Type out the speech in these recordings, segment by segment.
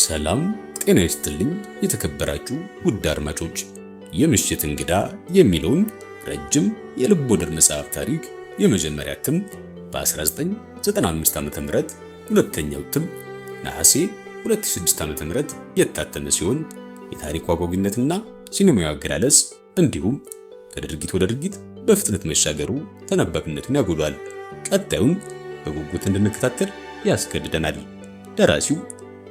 ሰላም ጤና ይስጥልኝ የተከበራችሁ ውድ አድማጮች፣ የምሽት እንግዳ የሚለውን ረጅም የልብ ወለድ መጽሐፍ ታሪክ የመጀመሪያ እትም በ1995 ዓ.ም ሁለተኛው እትም ነሐሴ ዓ ዓ.ም የታተመ ሲሆን የታሪኩ አጓጊነትና ሲኒማዊ አገላለጽ እንዲሁም ከድርጊት ወደ ድርጊት በፍጥነት መሻገሩ ተነባቢነቱን ያጎሏል። ቀጣዩን በጉጉት እንድንከታተል ያስገድደናል። ደራሲው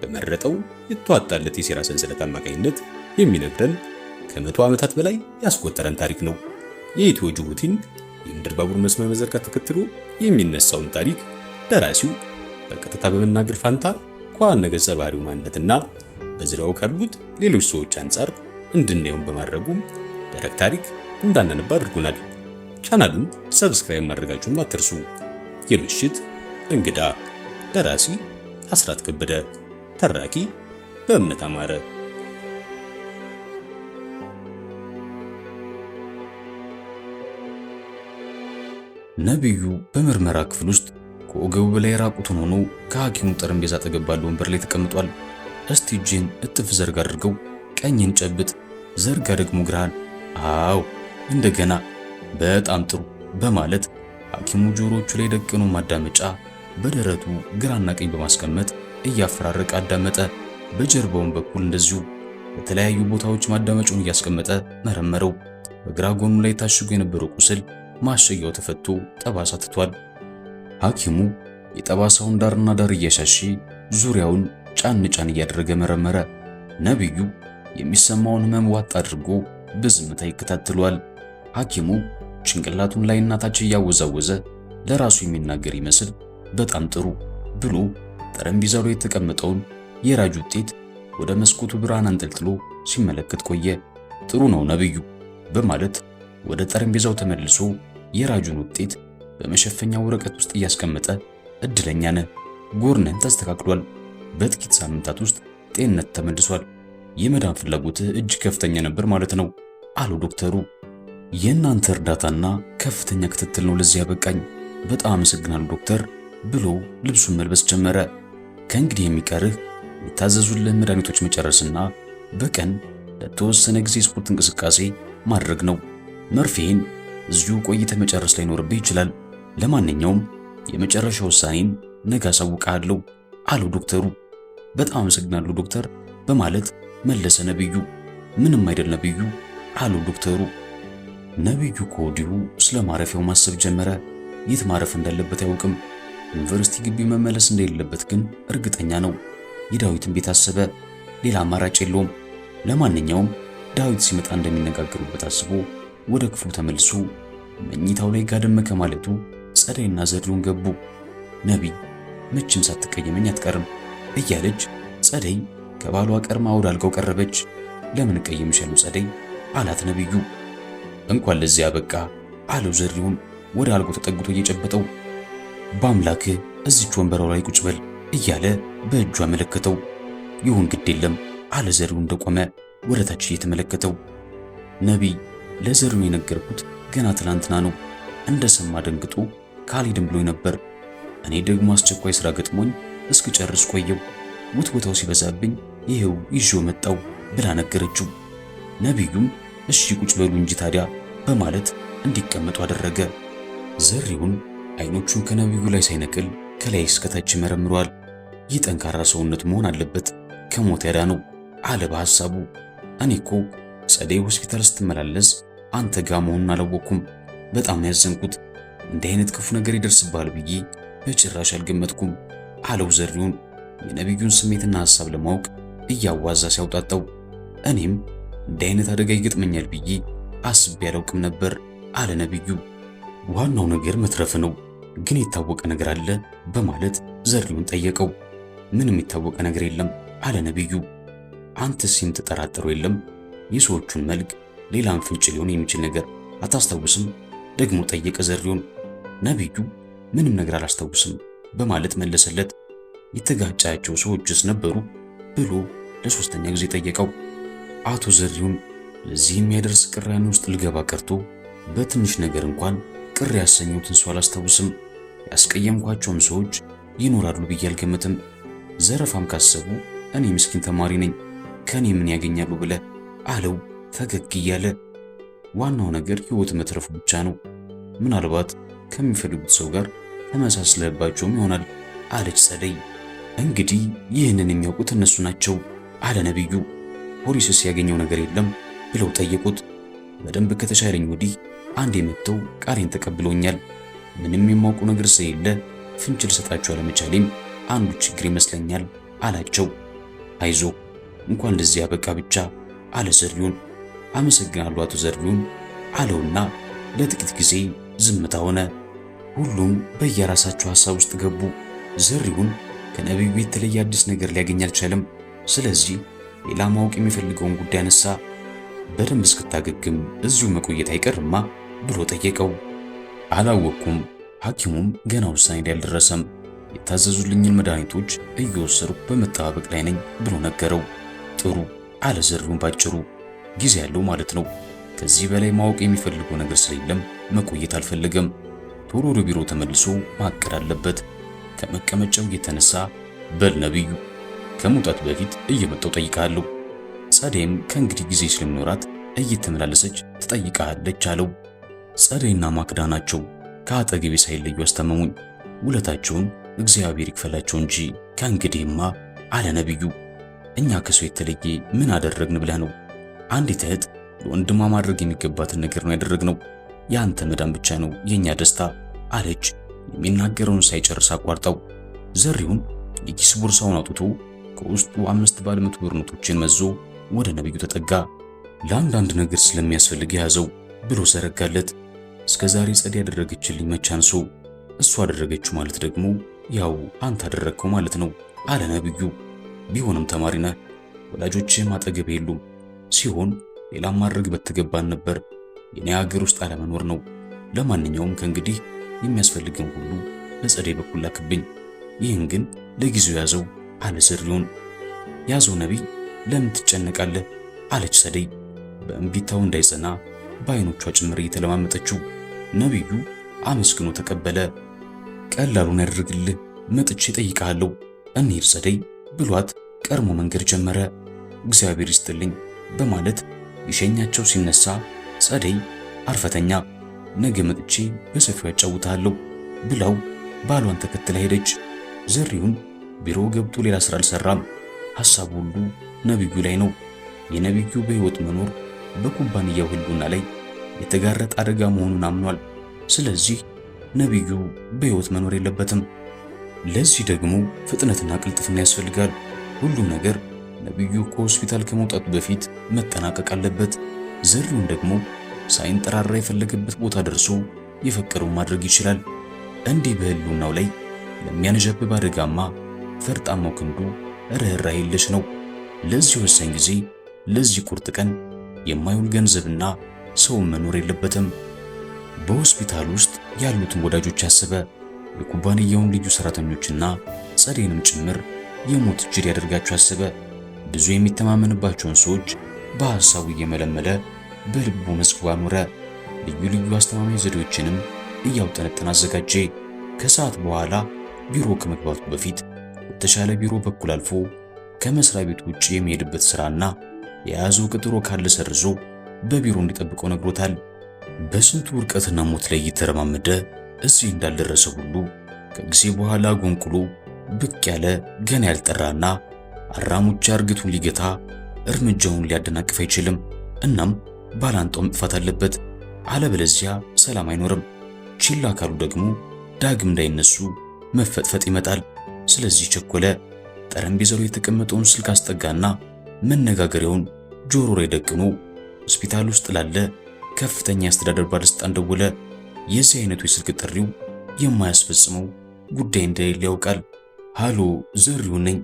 በመረጠው የተዋጣለት የሴራ ሰንሰለት አማካኝነት የሚነግረን ከመቶ ዓመታት በላይ ያስቆጠረን ታሪክ ነው። የኢትዮ ጅቡቲን የምድር ባቡር መስመር መዘርጋት ተከትሎ የሚነሳውን ታሪክ ደራሲው በቀጥታ በመናገር ፋንታ ከዋና ገጸ ባህሪው ማንነትና በዙሪያው ካሉት ሌሎች ሰዎች አንጻር እንድናየውን በማድረጉ ደረቅ ታሪክ እንዳናነባ አድርጎናል። ቻናሉን ሰብስክራይብ ማድረጋችሁን አትርሱ። የምሽት እንግዳ ደራሲ አስራት ከበደ ተራኪ በእምነት አማረ ነቢዩ በምርመራ ክፍል ውስጥ ከወገቡ በላይ ራቁቱን ሆኖ ከሐኪሙ ጠረጴዛ አጠገብ ወንበር ላይ ተቀምጧል። እስቲ እጅን እጥፍ ዘርግ አድርገው፣ ቀኝን ጨብጥ፣ ዘርጋ ደግሞ ግራን። አዎ እንደገና፣ በጣም ጥሩ በማለት ሐኪሙ ጆሮዎቹ ላይ ደቀኖ ማዳመጫ በደረቱ ግራና ቀኝ በማስቀመጥ እያፈራረቀ አዳመጠ። በጀርባውም በኩል እንደዚሁ በተለያዩ ቦታዎች ማዳመጫውን እያስቀመጠ መረመረው። በግራ ጎኑ ላይ ታሽጎ የነበረው ቁስል ማሸጊያው ተፈቶ ጠባሳ ትቷል። ሐኪሙ የጠባሳውን ዳርና ዳር እያሻሺ ዙሪያውን ጫን ጫን እያደረገ መረመረ። ነቢዩ የሚሰማውን ህመም ዋጥ አድርጎ በዝምታ ይከታተሏል። ሐኪሙ ጭንቅላቱን ላይ ታች እያወዛወዘ ለራሱ የሚናገር ይመስል በጣም ጥሩ ብሎ ጠረጴዛ ላይ የተቀመጠውን የራጅ ውጤት ወደ መስኮቱ ብርሃን አንጠልጥሎ ሲመለከት ቆየ። ጥሩ ነው ነብዩ በማለት ወደ ጠረጴዛው ተመልሶ የራጁን ውጤት በመሸፈኛ ወረቀት ውስጥ እያስቀመጠ እድለኛ ነ ጎርነን ተስተካክሏል፣ በጥቂት ሳምንታት ውስጥ ጤንነት ተመልሷል፣ የመዳን ፍላጎትህ እጅግ ከፍተኛ ነበር ማለት ነው አሉ ዶክተሩ። የእናንተ እርዳታና ከፍተኛ ክትትል ነው ለዚህ ያበቃኝ፣ በጣም አመሰግናለሁ ዶክተር ብሎ ልብሱን መልበስ ጀመረ። ከእንግዲህ የሚቀርህ የታዘዙልህ መድኃኒቶች መጨረስና በቀን ለተወሰነ ጊዜ ስፖርት እንቅስቃሴ ማድረግ ነው። መርፌን እዚሁ ቆይተ መጨረስ ላይኖርብህ ይችላል። ለማንኛውም የመጨረሻ ውሳኔን ነገ አሳውቅሃለሁ አሉ ዶክተሩ። በጣም አመሰግናለሁ ዶክተር በማለት መለሰ ነብዩ። ምንም አይደል ነብዩ አሉ ዶክተሩ። ነብዩ ከወዲሁ ስለ ማረፊያው ማሰብ ጀመረ። የት ማረፍ እንዳለበት አያውቅም። ዩኒቨርሲቲ ግቢ መመለስ እንደሌለበት ግን እርግጠኛ ነው። የዳዊትን ቤት አሰበ። ሌላ አማራጭ የለውም። ለማንኛውም ዳዊት ሲመጣ እንደሚነጋገሩበት አስቦ ወደ ክፍሉ ተመልሶ መኝታው ላይ ጋደም ከማለቱ ጸደይና ዘድሉን ገቡ። ነቢይ መቼም ሳትቀየመኝ አትቀርም እያለች ጸደይ ከባሏ ቀርማ ወደ አልጋው ቀረበች። ለምን እቀየምሻለሁ ጸደይ አላት ነቢዩ። እንኳን ለዚያ በቃ አለው ዘሪሁን ወደ አልጋው ተጠግቶ እየጨበጠው በአምላክህ እዚች ወንበሯ ላይ ቁጭ በል እያለ በእጁ አመለከተው። ይሁን ግድ የለም አለ ዘሪው እንደቆመ ወደ ታች እየተመለከተው። ነቢይ ለዘሪው የነገርኩት ገና ትላንትና ነው እንደሰማ ደንግጦ ካልሄድም ብሎኝ ነበር። እኔ ደግሞ አስቸኳይ ስራ ገጥሞኝ እስክጨርስ ቆየው ውትወታው ሲበዛብኝ ይሄው ይዤ መጣው ብላ ነገረችው። ነቢዩም እሺ ቁጭ በሉ እንጂ ታዲያ በማለት እንዲቀመጡ አደረገ። ዘሪውን አይኖቹን ከነቢዩ ላይ ሳይነቅል ከላይ እስከታች መረምረዋል። ይህ ጠንካራ ሰውነት መሆን አለበት፣ ከሞት ያዳ ነው። አለ በሐሳቡ። እኔ እኮ ጸደይ ሆስፒታል ስትመላለስ አንተ ጋ መሆኑን አላወቅኩም። በጣም ያዘንኩት፣ እንዲህ አይነት ክፉ ነገር ይደርስብሃል ብዬ በጭራሽ አልገመትኩም አለው ዘሪሁን የነቢዩን ስሜትና ሐሳብ ለማወቅ እያዋዛ ሲያውጣጣው። እኔም እንዲህ አይነት አደጋ ይገጥመኛል ብዬ አስቤ አላውቅም ነበር አለ ነቢዩ። ዋናው ነገር መትረፍ ነው። ግን የታወቀ ነገር አለ በማለት ዘሪሁን ጠየቀው። ምንም የታወቀ ነገር የለም አለ ነቢዩ። አንተስ ይህን የለም የሰዎቹን መልክ፣ ሌላም ፍንጭ ሊሆን የሚችል ነገር አታስታውስም? ደግሞ ጠየቀ ዘሪሁን። ነቢዩ ምንም ነገር አላስታውስም በማለት መለሰለት። የተጋጫቸው ሰዎችስ ነበሩ ብሎ ለሶስተኛ ጊዜ ጠየቀው። አቶ ዘሪሁን ለዚህ የሚያደርስ ቅራኔ ውስጥ ልገባ ቀርቶ በትንሽ ነገር እንኳን ቅር ያሰኙትን ሰው አላስታውስም። ያስቀየምኳቸውም ሰዎች ይኖራሉ ብዬ አልገምትም። ዘረፋም ካሰቡ እኔ ምስኪን ተማሪ ነኝ ከኔ ምን ያገኛሉ ብለ አለው ፈገግ እያለ። ዋናው ነገር ህይወት መትረፉ ብቻ ነው። ምናልባት ከሚፈልጉት ሰው ጋር ተመሳስለባቸውም ይሆናል አለች ጸደይ። እንግዲህ ይህንን የሚያውቁት እነሱ ናቸው አለ ነቢዩ። ፖሊስስ ያገኘው ነገር የለም ብለው ጠየቁት። በደንብ ከተሻለኝ ወዲህ አንድ የመጥተው ቃሌን ተቀብሎኛል። ምንም የማውቁ ነገር ስለሌለ ፍንጭ ልሰጣቸው አለመቻሌም አንዱ ችግር ይመስለኛል አላቸው። አይዞ እንኳን ለዚህ አበቃ ብቻ አለ ዘሪሁን። አመሰግናለሁ አቶ ዘሪሁን አለውና ለጥቂት ጊዜ ዝምታ ሆነ። ሁሉም በየራሳቸው ሐሳብ ውስጥ ገቡ። ዘሪሁን ከነቢዩ የተለየ አዲስ ነገር ሊያገኝ አልቻለም። ስለዚህ ሌላ ማወቅ የሚፈልገውን ጉዳይ አነሳ። በደንብ እስክታገግም እዚሁ መቆየት አይቀርማ ብሎ ጠየቀው። አላወቅኩም። ሐኪሙም ገና ውሳኔ ላይ አልደረሰም። የታዘዙልኝን መድኃኒቶች እየወሰድኩ በመጠባበቅ ላይ ነኝ ብሎ ነገረው። ጥሩ አለ ዘሪሁን ባጭሩ። ጊዜ ያለው ማለት ነው። ከዚህ በላይ ማወቅ የሚፈልገው ነገር ስለሌለም መቆየት አልፈለገም። ቶሎ ወደ ቢሮ ተመልሶ ማቀድ አለበት። ከመቀመጫው የተነሳ በል ነብዩ፣ ከመውጣት በፊት እየመጣው ጠይቃለሁ። ጸደይም ከእንግዲህ ጊዜ ስለሚኖራት እየተመላለሰች ትጠይቃለች አለው። ጸደይና ማክዳ ናቸው። ከአጠገቤ ሳይለዩ አስተመሙኝ ውለታቸውን እግዚአብሔር ይክፈላቸው እንጂ ከእንግዲህማ አለ ነቢዩ። እኛ ከሰው የተለየ ምን አደረግን ብለህ ነው? አንዲት እህት ለወንድሟ ማድረግ የሚገባትን ነገር ነው ያደረግነው። የአንተ መዳን ብቻ ነው የእኛ ደስታ አለች። የሚናገረውን ሳይጨርስ አቋርጠው ዘሪውን የኪስ ቦርሳውን አውጥቶ ከውስጡ አምስት ባለ መቶ ብር ኖቶችን መዞ ወደ ነቢዩ ተጠጋ። ለአንዳንድ ነገር ስለሚያስፈልግ የያዘው ብሎ ዘረጋለት። እስከ ዛሬ ጸድ ያደረገችልኝ መች አንሶ እሱ አደረገችው ማለት ደግሞ ያው አንተ አደረግከው ማለት ነው አለ ነብዩ። ቢሆንም ተማሪ ነህ፣ ወላጆችህም አጠገብ የሉም ሲሆን ሌላም ማድረግ በተገባን ነበር። የኔ ሀገር ውስጥ አለመኖር ነው። ለማንኛውም ከእንግዲህ የሚያስፈልግን ሁሉ በጸደይ በኩል ላክብኝ። ይህን ግን ለጊዜው ያዘው አለ ዝርዮን። ያዘው ነቢይ፣ ለምን ትጨነቃለህ? አለች ጸደይ በእምቢታው እንዳይጸና በአይኖቿ ጭምር እየተለማመጠችው። ነቢዩ አመስግኖ ተቀበለ። ቀላሉን ያደርግልህ፣ መጥቼ ጠይቃለሁ። እንሂድ ጸደይ ብሏት ቀድሞ መንገድ ጀመረ። እግዚአብሔር ይስጥልኝ በማለት ይሸኛቸው ሲነሳ ጸደይ አርፈተኛ ነገ መጥቼ በሰፊው ያጫውታለሁ ብላው ባሏን ተከትላ ሄደች። ዘሪሁን ቢሮ ገብቶ ሌላ ስራ አልሰራም። ሐሳቡ ሁሉ ነቢዩ ላይ ነው። የነቢዩ በሕይወት መኖር በኩባንያው ህልውና ላይ የተጋረጠ አደጋ መሆኑን አምኗል። ስለዚህ ነቢዩ በሕይወት መኖር የለበትም። ለዚህ ደግሞ ፍጥነትና ቅልጥፍና ያስፈልጋል። ሁሉም ነገር ነቢዩ ከሆስፒታል ከመውጣቱ በፊት መጠናቀቅ አለበት። ዘሪውን ደግሞ ሳይንጠራራ የፈለገበት ቦታ ደርሶ የፈቀደውን ማድረግ ይችላል። እንዲህ በህልውናው ላይ ለሚያንዣብብ አደጋማ ፈርጣማው ክንዱ ርኅራኄ የለሽ ነው። ለዚህ ወሳኝ ጊዜ፣ ለዚህ ቁርጥ ቀን የማይውል ገንዘብና ሰው መኖር የለበትም። በሆስፒታል ውስጥ ያሉትን ወዳጆች አስበ የኩባንያውን ልዩ ሰራተኞችና ጸደይንም ጭምር የሞት ጅል ያደርጋቸው አስበ ብዙ የሚተማመንባቸውን ሰዎች በሐሳቡ እየመለመለ በልቡ መዝግቦ አኖረ። ልዩ ልዩ አስተማማኝ ዘዴዎችንም እያውጠነጠን አዘጋጀ። ከሰዓት በኋላ ቢሮ ከመግባቱ በፊት የተሻለ ቢሮ በኩል አልፎ ከመስሪያ ቤት ውጭ የሚሄድበት ስራና የያዘው ቅጥሮ ካለ ሰርዞ በቢሮ እንዲጠብቀው ነግሮታል። በስንቱ ውድቀትና ሞት ላይ እየተረማመደ እዚህ እንዳልደረሰ ሁሉ ከጊዜ በኋላ ጎንቁሎ ብቅ ያለ ገና ያልጠራና አራሙቻ እርግቱን ሊገታ እርምጃውን ሊያደናቅፍ አይችልም። እናም ባላንጣው መጥፋት አለበት፣ አለበለዚያ ሰላም አይኖርም። ችላ ካሉ ደግሞ ዳግም እንዳይነሱ መፈጥፈጥ ይመጣል። ስለዚህ ቸኮለ። ጠረጴዛው የተቀመጠውን ስልክ አስጠጋና መነጋገሪያውን ጆሮ ላይ ደቅኖ ሆስፒታል ውስጥ ላለ ከፍተኛ የአስተዳደር ባለስልጣን ደወለ። የዚህ አይነቱ የስልክ ጥሪው የማያስፈጽመው ጉዳይ እንደሌለ ያውቃል። ሃሎ፣ ዘሪው ነኝ።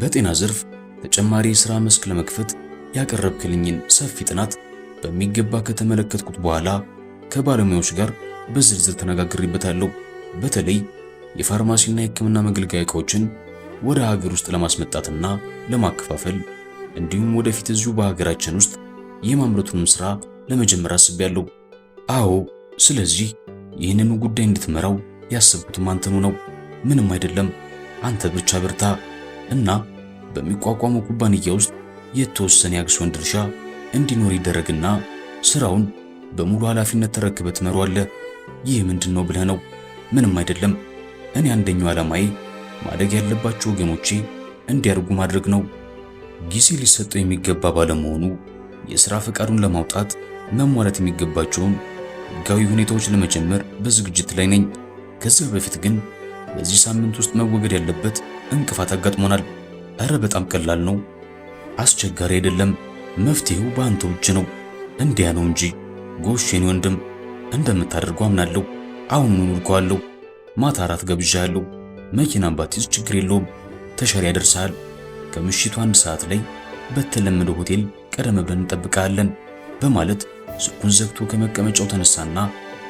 በጤና ዘርፍ ተጨማሪ የሥራ መስክ ለመክፈት ያቀረብክልኝን ሰፊ ጥናት በሚገባ ከተመለከትኩት በኋላ ከባለሙያዎች ጋር በዝርዝር ተነጋግሬበታለሁ። በተለይ የፋርማሲና የሕክምና መገልገያ ዕቃዎችን ወደ ሀገር ውስጥ ለማስመጣትና ለማከፋፈል እንዲሁም ወደፊት እዚሁ በሀገራችን ውስጥ የማምረቱንም ስራ ለመጀመር አስቤያለሁ። አዎ፣ ስለዚህ ይህንኑ ጉዳይ እንድትመራው ያሰብኩትም አንተኑ ነው። ምንም አይደለም፣ አንተ ብቻ በርታ እና በሚቋቋመው ኩባንያ ውስጥ የተወሰነ የአክሲዮን ድርሻ እንዲኖር ይደረግና ስራውን በሙሉ ኃላፊነት ተረክበህ ትመራዋለህ። ይህ ምንድን ነው ብለህ ነው? ምንም አይደለም። እኔ አንደኛው ዓላማዬ ማደግ ያለባቸው ወገኖቼ እንዲያድጉ ማድረግ ነው። ጊዜ ሊሰጠው የሚገባ ባለመሆኑ የሥራ ፈቃዱን ለማውጣት መሟላት የሚገባቸውን ሕጋዊ ሁኔታዎች ለመጀመር በዝግጅት ላይ ነኝ። ከዚህ በፊት ግን በዚህ ሳምንት ውስጥ መወገድ ያለበት እንቅፋት አጋጥሞናል። እረ በጣም ቀላል ነው፣ አስቸጋሪ አይደለም። መፍትሄው በአንተ እጅ ነው። እንዲያ ነው እንጂ ጎሽ የኔ ወንድም፣ እንደምታደርገው አምናለሁ። አሁን ምን ውልቀዋለሁ። ማታ አራት ገብዣለሁ። መኪናን ባትይዝ ችግር የለውም፣ ተሸሪ ያደርሰሃል። ከምሽቱ አንድ ሰዓት ላይ በተለመደው ሆቴል ቀደም ብለን እንጠብቃለን በማለት ስልኩን ዘግቶ ከመቀመጫው ተነሳና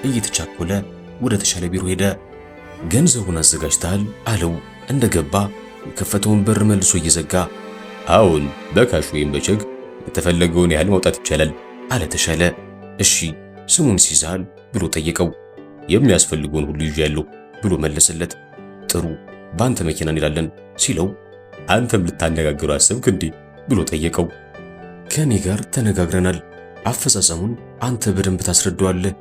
እየተቻኮለ ወደ ተሻለ ቢሮ ሄደ። ገንዘቡን አዘጋጅተሃል አለው። እንደገባ የከፈተውን በር መልሶ እየዘጋ አሁን በካሽ ወይም በቼክ የተፈለገውን ያህል መውጣት ይቻላል አለ ተሻለ። እሺ ስሙን ሲዛል ብሎ ጠየቀው። የሚያስፈልገውን ሁሉ ይዣለሁ ብሎ መለሰለት። ጥሩ በአንተ መኪና እንሄዳለን ሲለው አንተም ልታነጋግሩ አሰብክ እንዴ ብሎ ጠየቀው። ከእኔ ጋር ተነጋግረናል። አፈጻጸሙን አንተ በደንብ ታስረዳዋለህ።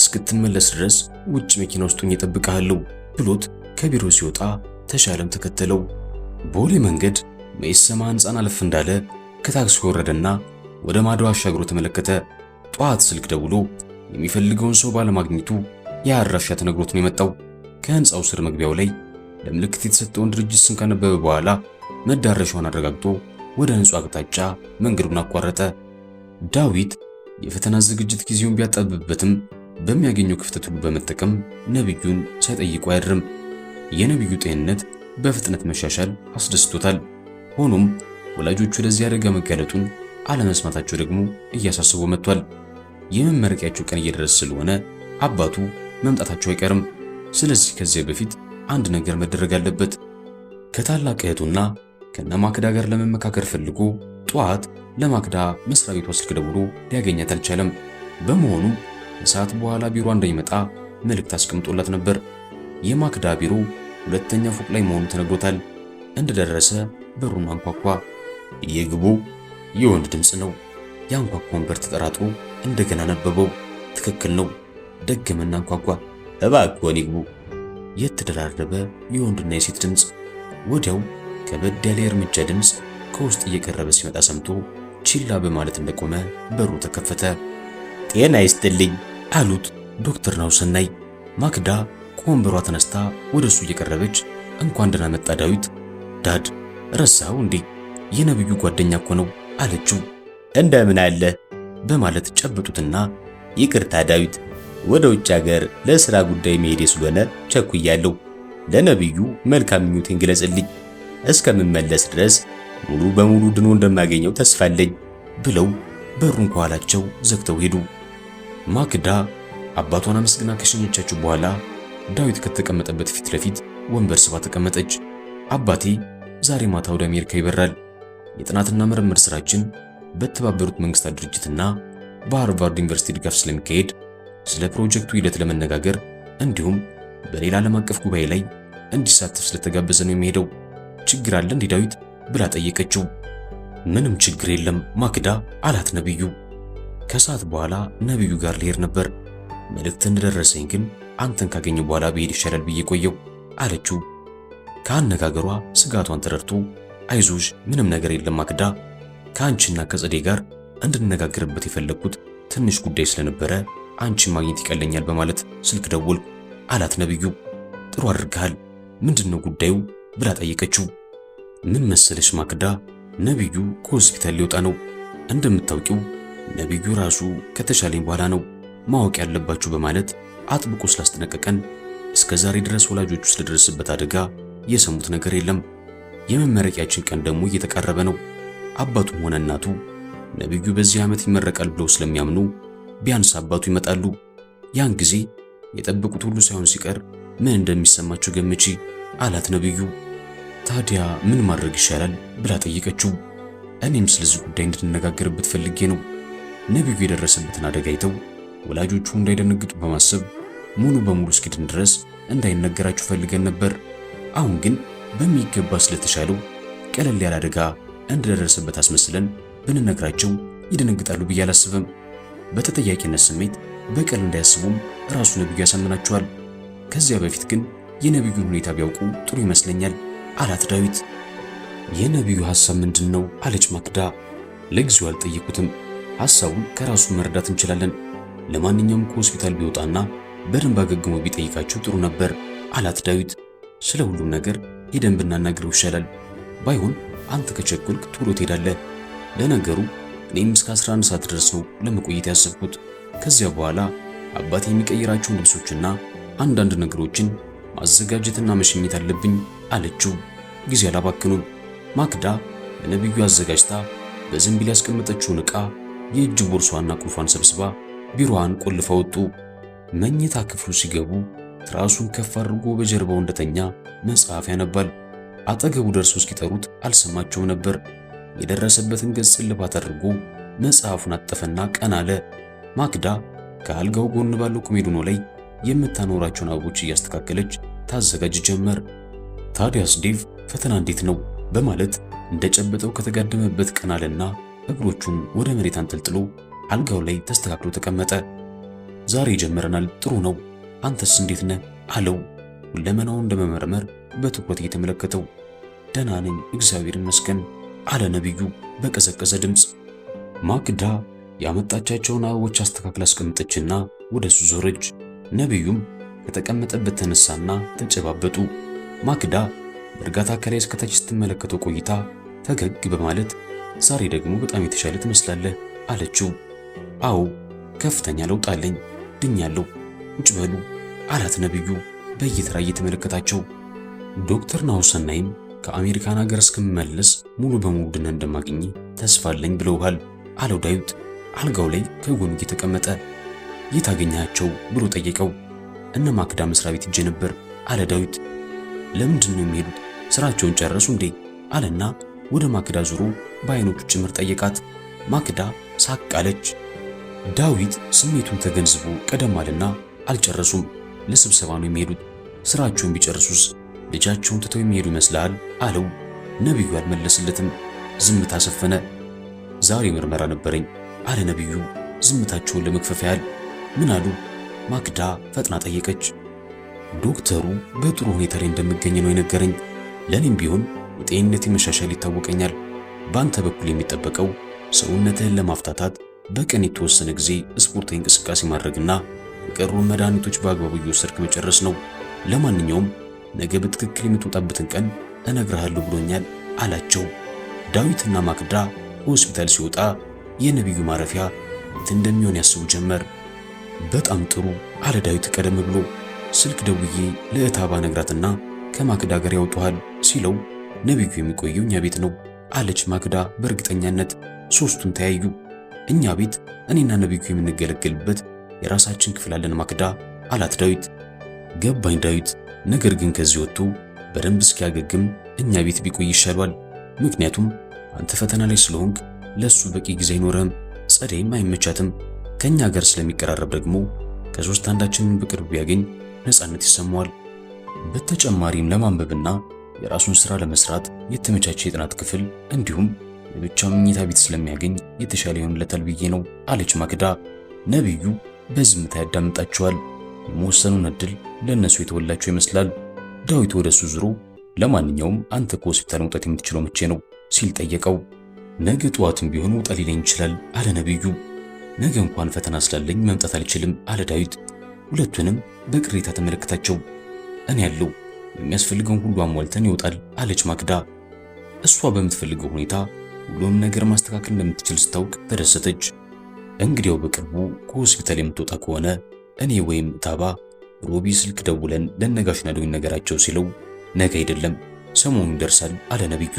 እስክትመለስ ድረስ ውጭ መኪና ውስጥ ሆኜ እጠብቅሃለሁ ብሎት ከቢሮ ሲወጣ ተሻለም ተከተለው። ቦሌ መንገድ መይሰማ ሕንፃን አለፍ እንዳለ ከታክሲ ወረደና ወደ ማዶ አሻግሮ ተመለከተ። ጠዋት ስልክ ደውሎ የሚፈልገውን ሰው ባለማግኘቱ የአድራሻ ተነግሮት ነው የመጣው። ከህንፃው ስር መግቢያው ላይ ለምልክት የተሰጠውን ድርጅት ስም ካነበበ በኋላ መዳረሻውን አረጋግጦ ወደ ንጹህ አቅጣጫ መንገዱን አቋረጠ። ዳዊት የፈተና ዝግጅት ጊዜውን ቢያጠብበትም በሚያገኘው ክፍተት ሁሉ በመጠቀም ነቢዩን ሳይጠይቁ አያድርም። የነቢዩ ጤንነት በፍጥነት መሻሻል አስደስቶታል። ሆኖም ወላጆቹ ለዚህ አደጋ መጋለጡን አለመስማታቸው ደግሞ እያሳስቦ መጥቷል። የመመረቂያቸው ቀን እየደረሰ ስለሆነ አባቱ መምጣታቸው አይቀርም። ስለዚህ ከዚያ በፊት አንድ ነገር መደረግ አለበት። ከታላቅ እህቱና ከነማክዳ ጋር ለመመካከር ፈልጎ ጠዋት ለማክዳ መስሪያ ቤቷ ስልክ ደውሎ ሊያገኛት አልቻለም። በመሆኑ ከሰዓት በኋላ ቢሮ እንደሚመጣ መልእክት አስቀምጦላት ነበር። የማክዳ ቢሮ ሁለተኛ ፎቅ ላይ መሆኑ ተነግሮታል። እንደደረሰ በሩን አንኳኳ። የግቡ የወንድ ድምፅ ነው። ያንኳኳውን በር ተጠራጥሮ እንደገና ነበበው። ትክክል ነው። ደገመና አንኳኳ። እባክዎን ይግቡ። የተደራረበ የወንድና የሴት ድምፅ ወዲያው ከበድ ያለ እርምጃ ድምፅ ከውስጥ እየቀረበ ሲመጣ ሰምቶ ችላ በማለት እንደቆመ በሩ ተከፈተ። ጤና ይስጥልኝ አሉት ዶክተር ናሁሰናይ። ማክዳ ከወንበሯ ተነስታ ወደ እሱ እየቀረበች እንኳን ደህና መጣ ዳዊት። ዳድ ረሳው እንዴ? የነብዩ ጓደኛ እኮ ነው አለችው። እንደምን አለ በማለት ጨብጡትና ይቅርታ ዳዊት፣ ወደ ውጭ ሀገር ለስራ ጉዳይ መሄዴ ስለሆነ ቸኩያለሁ። ለነብዩ መልካም ምኞቴን ግለጽልኝ እስከምመለስ ድረስ ሙሉ በሙሉ ድኖ እንደማገኘው ተስፋ አለኝ ብለው በሩን ከኋላቸው ዘግተው ሄዱ። ማክዳ አባቷን አመስግና ከሸኘቻቸው በኋላ ዳዊት ከተቀመጠበት ፊት ለፊት ወንበር ስባ ተቀመጠች። አባቴ ዛሬ ማታ ወደ አሜሪካ ይበራል። የጥናትና ምርምር ስራችን በተባበሩት መንግስታት ድርጅትና በሃርቫርድ ዩኒቨርሲቲ ድጋፍ ስለሚካሄድ ስለ ፕሮጀክቱ ሂደት ለመነጋገር እንዲሁም በሌላ ዓለም አቀፍ ጉባኤ ላይ እንዲሳተፍ ስለተጋበዘ ነው የሚሄደው ችግር አለ እንዴ ዳዊት ብላ ጠየቀችው። ምንም ችግር የለም ማክዳ አላት ነቢዩ። ከሰዓት በኋላ ነቢዩ ጋር ልሄድ ነበር፣ መልእክት እንደደረሰኝ ግን አንተን ካገኘ በኋላ ብሄድ ይሻላል ብዬ ቆየው አለችው። ከአነጋገሯ ስጋቷን ተረድቶ አይዞሽ ምንም ነገር የለም ማክዳ፣ ከአንቺና ከጸዴ ጋር እንድነጋገርበት የፈለግኩት ትንሽ ጉዳይ ስለነበረ አንቺን ማግኘት ይቀለኛል በማለት ስልክ ደወልኩ አላት ነቢዩ። ጥሩ አድርገሃል። ምንድን ነው ጉዳዩ ብላ ጠየቀችው። ምን መሰለሽ ማክዳ፣ ነቢዩ ከሆስፒታል ሊወጣ ነው። እንደምታውቂው ነቢዩ ራሱ ከተሻለኝ በኋላ ነው ማወቅ ያለባችሁ በማለት አጥብቆ ስላስጠነቀቀን እስከ ዛሬ ድረስ ወላጆቹ ስለደረሰበት አደጋ የሰሙት ነገር የለም። የመመረቂያችን ቀን ደግሞ እየተቃረበ ነው። አባቱም ሆነ እናቱ ነቢዩ በዚህ ዓመት ይመረቃል ብለው ስለሚያምኑ ቢያንስ አባቱ ይመጣሉ። ያን ጊዜ የጠበቁት ሁሉ ሳይሆን ሲቀር ምን እንደሚሰማቸው ገምቺ አላት ነብዩ ታዲያ ምን ማድረግ ይሻላል ብላ ጠየቀችው። እኔም ስለዚህ ጉዳይ እንድንነጋገርበት ፈልጌ ነው። ነብዩ የደረሰበትን አደጋ አይተው ወላጆቹ እንዳይደነግጡ በማሰብ ሙሉ በሙሉ እስኪድን ድረስ እንዳይነገራችሁ ፈልገን ነበር። አሁን ግን በሚገባ ስለተሻለው ቀለል ያለ አደጋ እንደደረሰበት አስመስለን ብንነግራቸው ይደነግጣሉ ብዬ አላስብም። በተጠያቂነት ስሜት በቀል እንዳያስቡም ራሱ ነብዩ ያሳምናቸዋል። ከዚያ በፊት ግን የነቢዩን ሁኔታ ቢያውቁ ጥሩ ይመስለኛል አላት ዳዊት። የነቢዩ ሐሳብ ምንድን ነው አለች ማክዳ። ለጊዜው አልጠየቁትም፣ ሐሳቡን ከራሱ መረዳት እንችላለን። ለማንኛውም ከሆስፒታል ቢወጣና በደንብ አገግሞ ቢጠይቃቸው ጥሩ ነበር አላት ዳዊት። ስለ ሁሉም ነገር ሄደን ብናናግረው ይሻላል። ባይሆን አንተ ከቸኮልክ ቶሎ ትሄዳለህ። ለነገሩ እኔም እስከ 11 ሰዓት ድረስ ነው ለመቆየት ያሰብኩት። ከዚያ በኋላ አባቴ የሚቀይራቸውን ልብሶችና አንዳንድ ነገሮችን ማዘጋጀትና መሸኘት አለብኝ አለችው። ጊዜ አላባክኑ ማክዳ ለነቢዩ አዘጋጅታ በዘንቢል ያስቀመጠችውን ዕቃ የእጅ ቦርሷና ቁልፏን ሰብስባ ቢሮዋን ቆልፋ ወጡ። መኝታ ክፍሉ ሲገቡ ትራሱን ከፍ አድርጎ በጀርባው እንደተኛ መጽሐፍ ያነባል። አጠገቡ ደርሶ እስኪጠሩት አልሰማቸውም ነበር። የደረሰበትን ገጽ እልባት አድርጎ መጽሐፉን አጠፈና ቀና አለ። ማክዳ ከአልጋው ጎን ባለው ኮሜዲኖ ላይ የምታኖራቸውን አበቦች እያስተካከለች ታዘጋጅ ጀመር። ታዲያስ ዴቭ ፈተና እንዴት ነው በማለት እንደጨበጠው ከተጋደመበት ቀና አለና እግሮቹን ወደ መሬት አንጠልጥሎ አልጋው ላይ ተስተካክሎ ተቀመጠ። ዛሬ ጀምረናል፣ ጥሩ ነው፣ አንተስ እንዴት ነህ አለው ሁለመናውን ለመመርመር በትኩረት እየተመለከተው። ደህና ነኝ እግዚአብሔር ይመስገን አለ ነቢዩ በቀዘቀዘ ድምፅ። ማክዳ ያመጣቻቸውን አበቦች አስተካክላ አስቀምጠችና ወደ እሱ ዞረች። ነቢዩም ከተቀመጠበት ተነሳና ተጨባበጡ። ማክዳ በእርጋታ ከላይ እስከታች ስትመለከተው ቆይታ ፈገግ በማለት ዛሬ ደግሞ በጣም የተሻለ ትመስላለህ አለችው። አዎ ከፍተኛ ለውጥ አለኝ፣ ድኛለሁ፣ ቁጭ በሉ አላት ነቢዩ በየተራ እየተመለከታቸው። ዶክተር ናሁሰናይም ከአሜሪካን ሀገር እስክመለስ ሙሉ በሙሉ ድነ እንደማገኝ ተስፋ አለኝ ብለውሃል አለው ዳዊት አልጋው ላይ ከጎን እየተቀመጠ የት አገኘሃቸው ብሎ ጠየቀው። እነ ማክዳ መስሪያ ቤት ሄጄ ነበር አለ ዳዊት። ለምንድን ነው የሚሄዱት? ስራቸውን ጨረሱ እንዴ? አለና ወደ ማክዳ ዙሮ በአይኖቹ ጭምር ጠየቃት። ማክዳ ሳቅ አለች። ዳዊት ስሜቱን ተገንዝቦ ቀደም አለና አልጨረሱም፣ ለስብሰባ ነው የሚሄዱት። ስራቸውን ቢጨርሱስ ልጃቸውን ትተው የሚሄዱ ይመስልሃል? አለው። ነቢዩ አልመለስለትም። ዝምታ ሰፈነ። ዛሬ ምርመራ ነበረኝ አለ ነቢዩ ዝምታቸውን ለመክፈፍ ያህል ምን አሉ? ማክዳ ፈጥና ጠየቀች። ዶክተሩ በጥሩ ሁኔታ ላይ እንደምገኝ ነው የነገረኝ። ለእኔም ቢሆን በጤንነት መሻሻል ይታወቀኛል። በአንተ በኩል የሚጠበቀው ሰውነትህን ለማፍታታት በቀን የተወሰነ ጊዜ ስፖርታዊ እንቅስቃሴ ማድረግና የቀሩን መድኃኒቶች በአግባቡ እየወሰድክ መጨረስ ነው። ለማንኛውም ነገ በትክክል የምትወጣበትን ቀን እነግርሃለሁ ብሎኛል አላቸው። ዳዊትና ማክዳ ሆስፒታል ሲወጣ የነቢዩ ማረፊያ የት እንደሚሆን ያስቡ ጀመር። በጣም ጥሩ አለ ዳዊት። ቀደም ብሎ ስልክ ደውዬ ለእታባ ነግራትና ከማክዳ ጋር ያውጡሃል ሲለው ነቢዩ የሚቆየው እኛ ቤት ነው አለች ማክዳ በእርግጠኛነት። ሶስቱን ተያዩ። እኛ ቤት እኔና ነቢዩ የምንገለገልበት የራሳችን ክፍል አለን ማክዳ አላት ዳዊት። ገባኝ ዳዊት፣ ነገር ግን ከዚህ ወጥቶ በደንብ እስኪያገግም እኛ ቤት ቢቆይ ይሻሏል። ምክንያቱም አንተ ፈተና ላይ ስለሆንክ ለሱ በቂ ጊዜ አይኖረም ጸደይም አይመቻትም ከኛ ጋር ስለሚቀራረብ ደግሞ ከሶስት አንዳችንን በቅርብ ቢያገኝ ነፃነት ይሰማዋል። በተጨማሪም ለማንበብና የራሱን ስራ ለመስራት የተመቻቸ የጥናት ክፍል እንዲሁም ለብቻው መኝታ ቤት ስለሚያገኝ የተሻለ ይሆንለታል ብዬ ነው አለች ማክዳ። ነቢዩ በዝምታ ያዳምጣቸዋል። የመወሰኑን እድል ለእነሱ የተወላቸው ይመስላል። ዳዊት ወደ እሱ ዙሮ ለማንኛውም አንተ ከሆስፒታል መውጣት የምትችለው መቼ ነው ሲል ጠየቀው። ነገ ጠዋትም ቢሆን ውጣ ሊለኝ ይችላል አለ ነቢዩ። ነገ እንኳን ፈተና ስላለኝ መምጣት አልችልም አለ ዳዊት። ሁለቱንም በቅሬታ ተመለከታቸው። እኔ ያለው የሚያስፈልገውን ሁሉ አሟልተን ይወጣል አለች ማክዳ። እሷ በምትፈልገው ሁኔታ ሁሉንም ነገር ማስተካከል እንደምትችል ስታውቅ ተደሰተች። እንግዲያው በቅርቡ ከሆስፒታል የምትወጣ ከሆነ እኔ ወይም ታባ ሮቢ ስልክ ደውለን ለነጋሽ ናዶኝ ነገራቸው ሲለው ነገ አይደለም ሰሞኑ ይደርሳል አለ ነብዩ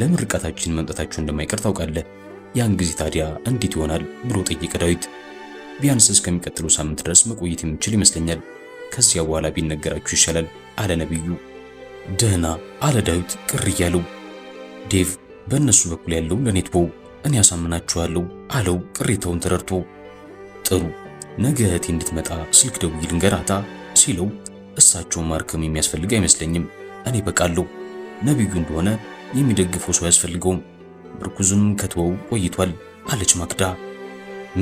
ለምርቃታችን መምጣታቸው እንደማይቀር ታውቃለህ ያን ጊዜ ታዲያ እንዴት ይሆናል ብሎ ጠየቀ ዳዊት። ቢያንስ እስከሚቀጥለው ሳምንት ድረስ መቆየት የምችል ይመስለኛል። ከዚያ በኋላ ቢነገራችሁ ይሻላል አለ ነቢዩ። ደህና አለ ዳዊት ቅር እያለው። ዴቭ በእነሱ በኩል ያለው ለኔት እኔ ያሳምናችኋለሁ አለው ቅሬታውን ተረድቶ። ጥሩ ነገ እህቴ እንድትመጣ ስልክ ደውዬ ልንገራታ ሲለው እሳቸውን ማርከም የሚያስፈልግ አይመስለኝም እኔ በቃለሁ። ነቢዩ እንደሆነ የሚደግፈው ሰው አያስፈልገውም ምርኩዙም ከተወው ቆይቷል አለች ማክዳ።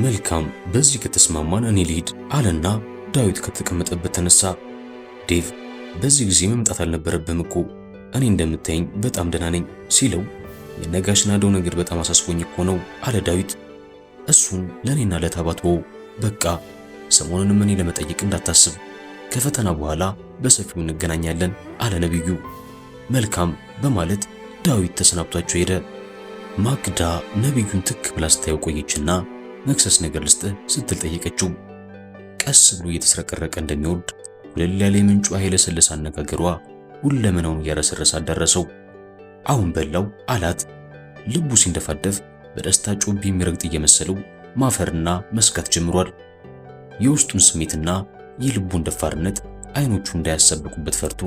መልካም በዚህ ከተስማማን እኔ ልሂድ አለና ዳዊት ከተቀመጠበት ተነሳ። ዴቭ በዚህ ጊዜ መምጣት አልነበረብህም እኮ እኔ እንደምታየኝ በጣም ደህና ነኝ ሲለው የነጋሽናደው ነገር በጣም አሳስቦኝ እኮ ነው አለ ዳዊት። እሱን ለእኔና ለታባት ወው በቃ ሰሞኑንም እኔ ለመጠየቅ እንዳታስብ ከፈተና በኋላ በሰፊው እንገናኛለን አለ ነቢዩ። መልካም በማለት ዳዊት ተሰናብቷቸው ሄደ። ማግዳ ነቢዩን ትክ ብላ ስታየው ቆየችና መክሰስ ነገር ልስጥህ ስትል ጠየቀችው። ቀስ ብሎ እየተስረቀረቀ እንደሚወርድ ወለል ያለ የምንጩ ኃይለሰለሰ አነጋገሯ ሁለመናውን እያረሰረሰ አዳረሰው። አሁን በላው አላት። ልቡ ሲንደፋደፍ በደስታ ጮቢ የሚረግጥ እየመሰለው ማፈርና መስጋት ጀምሯል። የውስጡን ስሜትና የልቡን ደፋርነት አይኖቹ እንዳያሳብቁበት ፈርቶ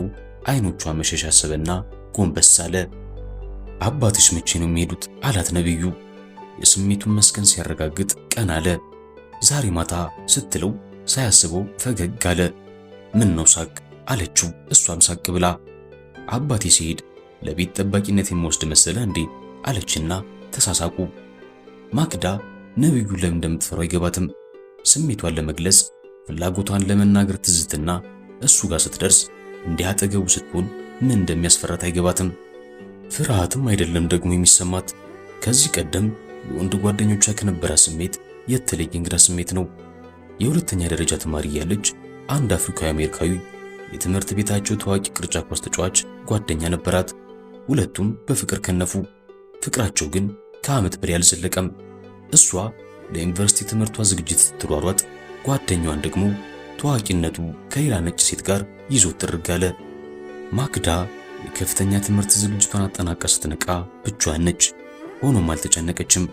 አይኖቿ መሸሽ አሰበና ጎንበስ አለ። አባትሽ መቼ ነው የሚሄዱት? አላት ነቢዩ። የስሜቱን መስከን ሲያረጋግጥ ቀን አለ። ዛሬ ማታ ስትለው ሳያስበው ፈገግ አለ። ምን ነው ሳቅ? አለችው እሷም ሳቅ ብላ። አባቴ ሲሄድ ለቤት ጠባቂነት የሚወስድ መሰለ እንዴ? አለችና ተሳሳቁ። ማክዳ ነቢዩ ለምን እንደምትፈራው አይገባትም። ስሜቷን ለመግለጽ ፍላጎቷን ለመናገር ትዝትና እሱ ጋር ስትደርስ እንዲህ አጠገቡ ስትሆን ምን እንደሚያስፈራት አይገባትም። ፍርሃትም አይደለም ደግሞ የሚሰማት ከዚህ ቀደም የወንድ ጓደኞቿ ከነበረ ስሜት የተለየ እንግዳ ስሜት ነው። የሁለተኛ ደረጃ ተማሪ እያለች አንድ አፍሪካዊ አሜሪካዊ የትምህርት ቤታቸው ታዋቂ ቅርጫት ኳስ ተጫዋች ጓደኛ ነበራት። ሁለቱም በፍቅር ከነፉ። ፍቅራቸው ግን ከዓመት በላይ አልዘለቀም። እሷ ለዩኒቨርሲቲ ትምህርቷ ዝግጅት ስትሯሯጥ፣ ጓደኛዋን ደግሞ ታዋቂነቱ ከሌላ ነጭ ሴት ጋር ይዞት ትርጋለ። ማክዳ የከፍተኛ ትምህርት ዝግጅቷን አጠናቃ ስትነቃ ብቻዋን ነች። ሆኖም አልተጨነቀችም።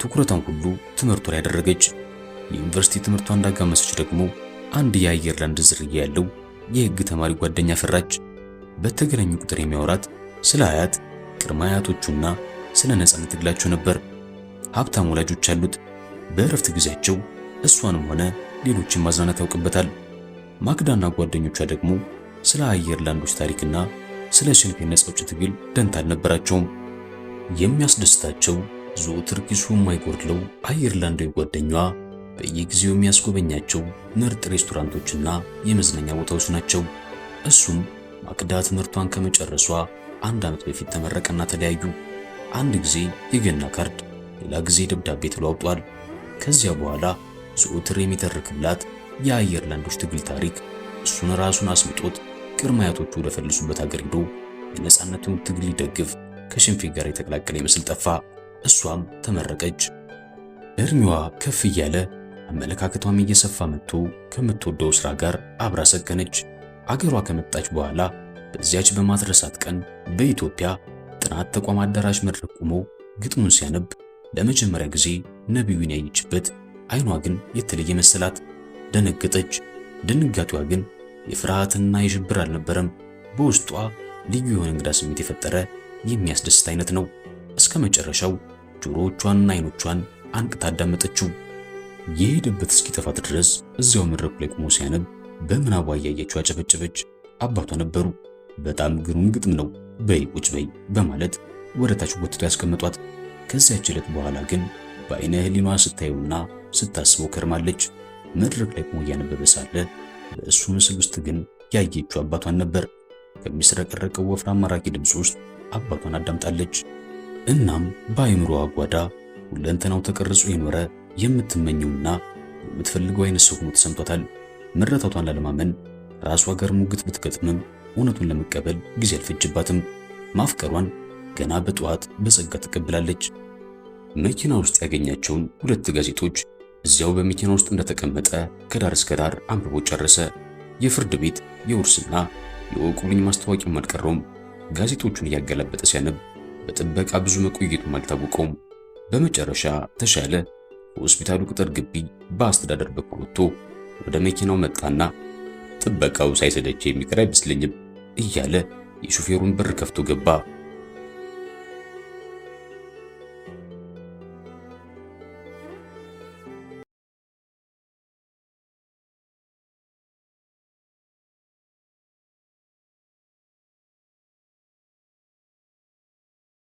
ትኩረቷን ሁሉ ትምህርቱ ላይ ያደረገች። የዩኒቨርሲቲ ትምህርቷን እንዳጋመሰች ደግሞ አንድ የአየርላንድ ዝርያ ያለው የህግ ተማሪ ጓደኛ ፈራች። በተገናኙ ቁጥር የሚያወራት ስለ አያት ቅድመ አያቶቹና ስለ ነጻነት ትግላቸው ነበር። ሀብታም ወላጆች አሉት። በእረፍት ጊዜያቸው እሷንም ሆነ ሌሎችን ማዝናናት ያውቅበታል። ማክዳና ጓደኞቿ ደግሞ ስለ አየርላንዶች ታሪክና ስለ ሽንፈት ነፃ አውጪ ትግል ደንታ አልነበራቸውም። የሚያስደስታቸው ዘወትር ኪሱ የማይጎድለው አየርላንዳዊ ጓደኛዋ በየጊዜው የሚያስጎበኛቸው ምርጥ ሬስቶራንቶችና የመዝናኛ ቦታዎች ናቸው። እሱም ማክዳ ትምህርቷን ከመጨረሷ አንድ ዓመት በፊት ተመረቀና ተለያዩ። አንድ ጊዜ የገና ካርድ፣ ሌላ ጊዜ ደብዳቤ ተለዋውጧል። ከዚያ በኋላ ዘወትር የሚተርክላት የአየርላንዶች ትግል ታሪክ እሱን ራሱን አስምጦት ቅድመ አያቶቹ ወደፈለሱበት ሀገር ሄዶ የነጻነቱን ትግል ሊደግፍ ከሽንፊት ጋር የተቀላቀለ ይመስል ጠፋ። እሷም ተመረቀች። እድሜዋ ከፍ እያለ አመለካከቷም እየሰፋ መጥቶ ከምትወደው ስራ ጋር አብራ ሰከነች። አገሯ ከመጣች በኋላ በዚያች በማትረሳት ቀን በኢትዮጵያ ጥናት ተቋም አዳራሽ መድረክ ቆሞ ግጥሙን ሲያነብ ለመጀመሪያ ጊዜ ነቢዩን ያየችበት፣ አይኗ ግን የተለየ መሰላት። ደነገጠች። ድንጋጤዋ ግን የፍርሃትና የሽብር አልነበረም። በውስጧ ልዩ የሆነ እንግዳ ስሜት የፈጠረ የሚያስደስት አይነት ነው። እስከ መጨረሻው ጆሮዎቿንና አይኖቿን አንቅታ አዳመጠችው። የሄደበት እስኪጠፋት ድረስ እዚያው መድረኩ ላይ ቆሞ ሲያነብ በምናቧ እያየችው አጨበጨበች አባቷ ነበሩ። በጣም ግሩም ግጥም ነው፣ በይ ቁጭ በይ በማለት ወደ ታች ወጥተው ያስቀመጧት። ከዚያች ዕለት በኋላ ግን በአይነ ህሊኗ ስታየውና ስታስበው ከርማለች። መድረክ ላይ ቆሞ እያነበበ ሳለ በእሱ ምስል ውስጥ ግን ያየችው አባቷን ነበር። ከሚስረቀረቀው ወፍራም ማራኪ ድምፅ ውስጥ አባቷን አዳምጣለች። እናም በአይምሮ አጓዳ ሁለንተናው ተቀርጾ የኖረ የምትመኘውና የምትፈልገው አይነት ሰው ሆኖ ተሰምቷታል። መረታቷን ላለማመን ራሷ ጋር ሙግት ብትገጥምም እውነቱን ለመቀበል ጊዜ አልፈጅባትም። ማፍቀሯን ገና በጠዋት በጸጋ ትቀብላለች። መኪና ውስጥ ያገኛቸውን ሁለት ጋዜጦች እዚያው በመኪና ውስጥ እንደተቀመጠ ከዳር እስከ ዳር አንብቦ ጨረሰ። የፍርድ ቤት የውርስና የወቁልኝ ማስታወቂያም አልቀረውም። ጋዜጦቹን እያገላበጠ ሲያነብ በጥበቃ ብዙ መቆየቱም አልታወቀውም። በመጨረሻ ተሻለ ሆስፒታሉ ቅጥር ግቢ በአስተዳደር በኩል ወጥቶ ወደ መኪናው መጣና ጥበቃው ሳይሰለች የሚቀር አይመስለኝም እያለ የሹፌሩን በር ከፍቶ ገባ።